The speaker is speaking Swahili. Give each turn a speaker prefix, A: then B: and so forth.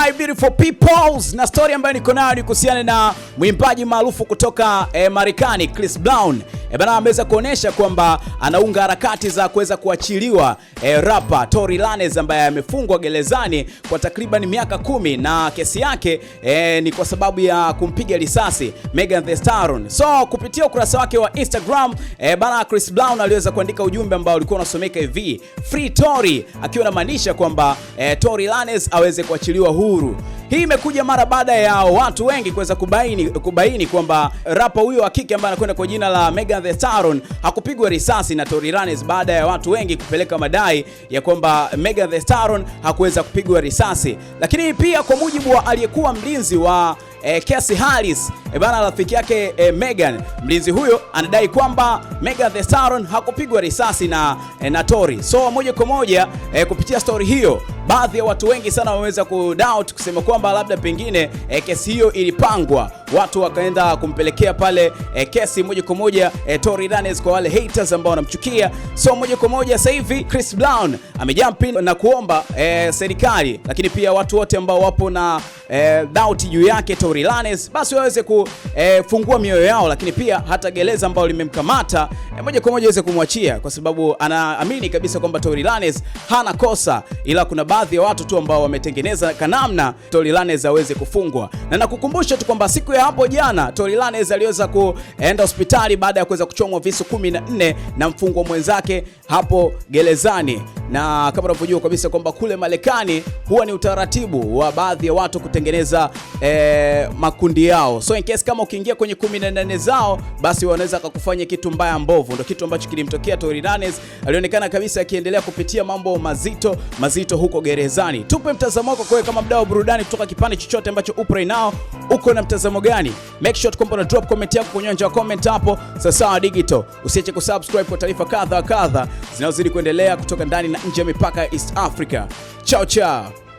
A: my beautiful peoples, na story ambayo niko nayo ni kuhusiana na mwimbaji maarufu kutoka eh, Marekani Chris Brown E bana, ameweza kuonesha kwamba anaunga harakati za kuweza kuachiliwa e, eh, rapa Tory Lanez ambaye amefungwa gerezani kwa takriban miaka kumi na kesi yake e, ni kwa sababu ya kumpiga risasi Megan Thee Stallion. So kupitia ukurasa wake wa Instagram e, bana Chris Brown aliweza kuandika ujumbe ambao ulikuwa unasomeka hivi Free Tory, akiwa anamaanisha kwamba e, Tory Lanez aweze kuachiliwa huru. Hii imekuja mara baada ya watu wengi kuweza kubaini kubaini kwamba rapa huyo wa kike ambaye anakwenda kwa jina la Megan Thee Stallion hakupigwa risasi na Tory Lanez baada ya watu wengi kupeleka madai ya kwamba Megan Thee Stallion hakuweza kupigwa risasi, lakini pia kwa mujibu wa aliyekuwa mlinzi wa eh, Casey Harris e, bana rafiki yake eh, Megan. Mlinzi huyo anadai kwamba Megan the Stallion hakupigwa risasi na, eh, na Tori. So moja kwa moja eh, kupitia story hiyo baadhi ya watu wengi sana wameweza kudoubt kusema kwamba labda pengine e, kesi hiyo ilipangwa, watu wakaenda kumpelekea pale e, kesi moja kwa moja e, Tory Lanez kwa wale haters ambao wanamchukia. So moja kwa moja sasa hivi Chris Brown amejump in na kuomba e, serikali, lakini pia watu wote ambao wapo na eh, doubt juu yake Tory Lanez, basi waweze kufungua eh, mioyo yao, lakini pia hata gereza ambao limemkamata eh, moja kwa moja waweze kumwachia, kwa sababu anaamini kabisa kwamba Tory Lanez hana kosa, ila kuna baadhi ya watu tu ambao wametengeneza kanamna Tory Lanez aweze kufungwa. Na nakukumbusha tu kwamba siku ya hapo jana Tory Lanez aliweza kuenda hospitali baada ya kuweza kuchomwa visu 14 na mfungwa mwenzake hapo gerezani na kama unavyojua kabisa kwamba kule Marekani huwa ni utaratibu wa baadhi ya watu kutengeneza eh, makundi yao, so in case kama ukiingia kwenye 18 zao, basi wanaweza akakufanya kitu mbaya mbovu. Ndio kitu ambacho kilimtokea Tory Lanez, alionekana kabisa akiendelea kupitia mambo mazito mazito huko gerezani. Tupe mtazamo wako kwa kama mdau burudani kutoka kipande chochote ambacho upo right now, uko na mtazamo gani? Make sure kwamba na drop comment yako kwenye nje ya comment hapo Sasa Digital. Usiache kusubscribe kwa taarifa kadha kadha zinazozidi kuendelea kutoka ndani na nje ya mipaka ya East Africa. Chao chao.